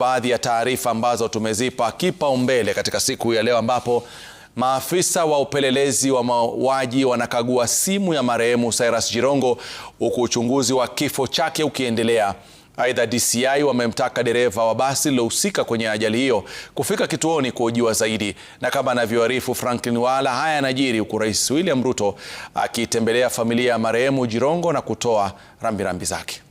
baadhi ya taarifa ambazo tumezipa kipaumbele katika siku ya leo ambapo maafisa wa upelelezi wa mauaji wanakagua simu ya marehemu Cyrus Jirongo huku uchunguzi wa kifo chake ukiendelea. Aidha, DCI wamemtaka dereva wa basi lilohusika kwenye ajali hiyo kufika kituoni kuhojiwa zaidi. Na kama anavyoarifu Franklin Wala, haya yanajiri huku Rais William Ruto akitembelea familia ya marehemu Jirongo na kutoa rambirambi zake.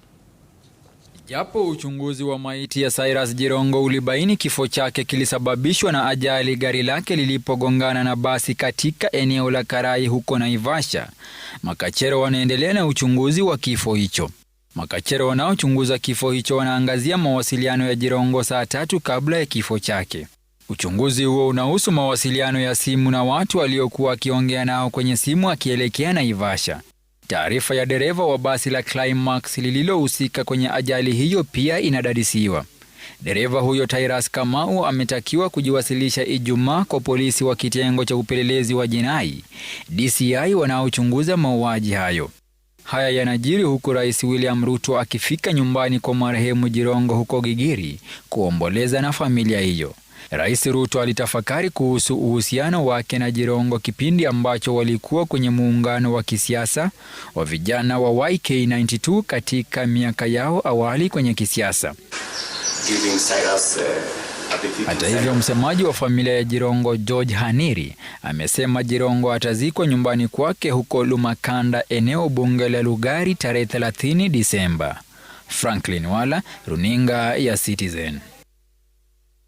Japo uchunguzi wa maiti ya Cyrus Jirongo ulibaini kifo chake kilisababishwa na ajali gari lake lilipogongana na basi katika eneo la Karai huko Naivasha, makachero wanaendelea na uchunguzi wa kifo hicho. Makachero wanaochunguza kifo hicho wanaangazia mawasiliano ya Jirongo saa tatu kabla ya kifo chake. Uchunguzi huo unahusu mawasiliano ya simu na watu waliokuwa akiongea nao kwenye simu akielekea Naivasha. Taarifa ya dereva wa basi la Climax lililohusika kwenye ajali hiyo pia inadadisiwa. Dereva huyo tairas Kamau ametakiwa kujiwasilisha Ijumaa kwa polisi wa kitengo cha upelelezi wa jinai DCI wanaochunguza mauaji hayo. Haya yanajiri huku Rais William Ruto akifika nyumbani kwa marehemu Jirongo huko Gigiri kuomboleza na familia hiyo. Rais Ruto alitafakari kuhusu uhusiano wake na Jirongo kipindi ambacho walikuwa kwenye muungano wa kisiasa wa vijana wa YK92 katika miaka yao awali kwenye kisiasa. Hata hivyo msemaji wa familia ya Jirongo George Haniri amesema Jirongo atazikwa nyumbani kwake huko Lumakanda, eneo bunge la Lugari, tarehe 30 Disemba. Franklin Wala, runinga ya Citizen.